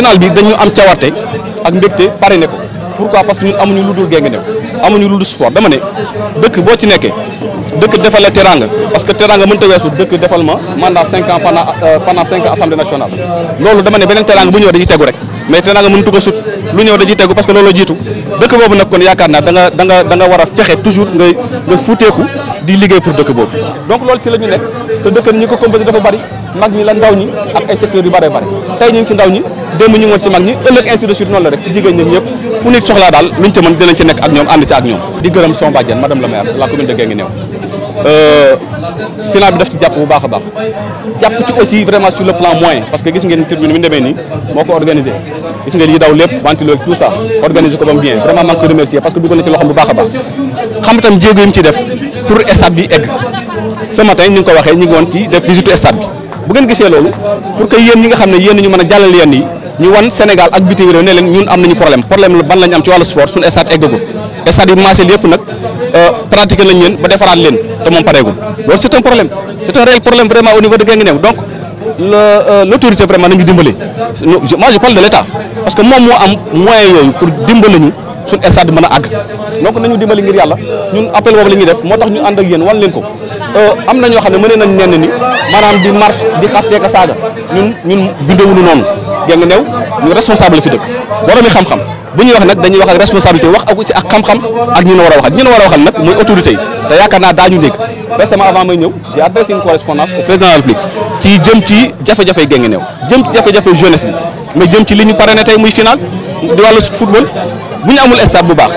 final bi dañu am cawarte ak mbégte pare ne ko pourquoi parce que ñun amuñu lu dul Guinguinéo amuñu lu dul sport dama ne dëkk boo ci nekkee dëkk defal la teranga parce que teranga mënta weesu dëkk defal ma mandat cinq ans pendant euh, pendant cinq ans assemblée nationale loolu dama ne beneen teranga bu ñëw dañuy tegu rek mais teranga mëntu ko lu ñëw dañuy tegu parce que loolu jiitu dëkk boobu nag kon yaakaar naa da nga da nga da nga war a fexe toujours nga nga fuuteeku di liggéey pour dëkk boobu donc loolu ci la nekk te dëkk ñi ko composé dafa bari mag ñi la ndaw ñi ak ay secteurs yu bari bari tey ñu ci ndaw ñi démb ñu ngi ci mag ñi ëllëg ainsi de suite rek ci jigéen ñoom ñëpp fu nit soxlaa daal luñ ci mën euh, bu baax demee nii moo ko organisé gis ngeen yi daw lépp ventilo tout ça organisé ko ba mu bien vraiment maa ngi remercier parce que dugal na ci loxoom bu baax a baax xam itam jéego ci def pour stade bi egg ce matin ni nga ko ni ñu ngi won ci def visite stade bi bu ngeen gisee loolu pour que yeen ñi nga xamné yeen ñu mëna jallal yeen yi ñu wan Sénégal ak bitim réew ne leen ñun am nañu problème problème la ban lañu am ci walu sport sun stade eggagul stade yi marché nak euh pratiquer nañ leen ba défarat leen te paré pareegul loolu c'est un problème c'est un réel problème vraiment au niveau de Guinguinéo donc euh, l'autorité vraiment nañu dimbalé moi je parle de l'État parce que moi, moi, am moyen yoyu pour dimbalé ñu suñu stade mën a àgg donc nañu dimbali ngir yàlla ñun appel boobu la ñuy def moo tax ñu ànd ak yéen wan leen ko euh, am na ñoo xam ne mën mënee nañ nenn ni maanaam di marche di xasteeka saaga ñun ñun bindewuñu noonu jàng néew ñu responsable fi dëkk boromi xam-xam bu ñuy wax nag dañuy wax ak responsabilité wax ak ci ak xam-xam ak ñi na war a waxal ñi na war a waxal nag mooy autorité yi te yaakaar naa daañu dégg récemment avant may ñëw j'ai adressé une correspondance au président de la République ci jëm ci jafe-jafe genge néew jëm ci jafe-jafe jeunesse bi mais jëm ci li ñu parrainé tey muy final di wàllu football bu ñu amul stade bu baax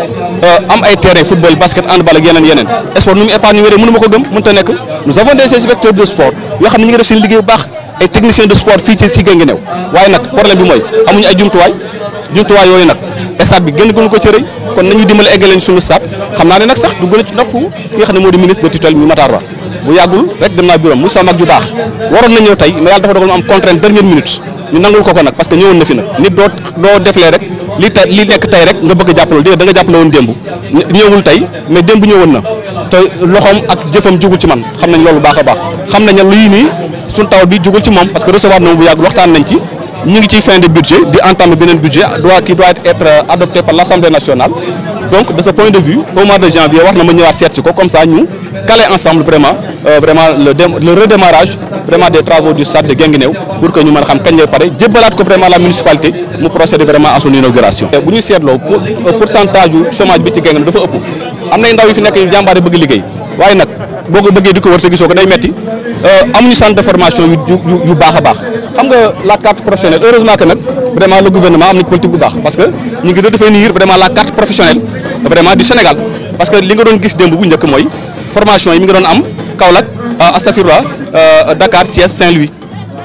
am ay terrain football basket handball ak yeneen yeneen sport nu mu épanouir mënu ma ko gëm mënta nekk nous avons des inspecteurs de sport yoo xam ne ñu ngi def seen liggéey bu baax ay technicien de sport fii ci ci Guinguinéo waaye nag problème bi mooy amuñu ay jumtuwaay jumtuwaay yooyu nag stade bi gën gënu ko ci rëy kon nañu dimbale eggaleen suñu stade xam naa ne nag sax du gën ci noppu ki nga xam ne moo di ministre de tutelle mi Matar Ba bu yàggul rek dem naa bureau muy sama mag ju baax waroon na ñëw tey mais yàlla dafa dogal mu am contrainte dernière minute ñu nangul ko ko nag parce ñëwoon na fi nag nit doo deflee rek li tey li nekk a jàppaloo déedéet da nga woon na te loxoom ak jëfam jugul man xam nañ loolu baax a baax xam nañ ne sun taw bi djugul ci mom parce que recevoir na bu yag waxtan nañ ci ñu ngi ci fin de budget di entamer benen budget doit qui doit être adopté par l'Assemblée nationale donc de ce point de vue au mois de janvier wax na ma ñëwaat sét ci ko comme ça ñu caler ensemble vraiment euh, vraiment le redémarrage vraiment des travaux du stade de Guinguinéo pour que ñu mëna xam kañ lay paré djébalat ko vraiment la municipalité mu procéder vraiment à son inauguration. bu ñu seetloo euh, pourcentage yu chômage bi ci Guinguinéo dafa ëpp am nay ndaw yu fi nek yu jàmbaare bëgg liggéey waaye nak boko bëggé diko di ko wër te gisoo day metti euh, avons centre de formation yu yu yu la carte professionnelle heureusement que vraiment le gouvernement a une politique bu parce que nous ngi définir vraiment la carte professionnelle vraiment du Sénégal parce que li nga doon gis démb bu njëkk mooy formation yi mi nga doon am Kaolack euh, astafirwa euh, Dakar Thiès Saint-Louis.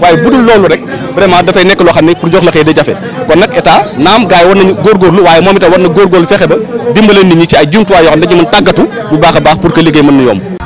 waaye bu dul loolu rek vraiment dafay nekk loo xam ne pour jox la xëy day jafe kon nag état naam gars yi war nañu góorgóorlu waaye moom itam war na góorgóorlu fexe ba dimbale nit ñi ci ay jumtuwaay yoo xam ne dañu mën tàggatu bu baax a baax pour que liggéey mën na yomb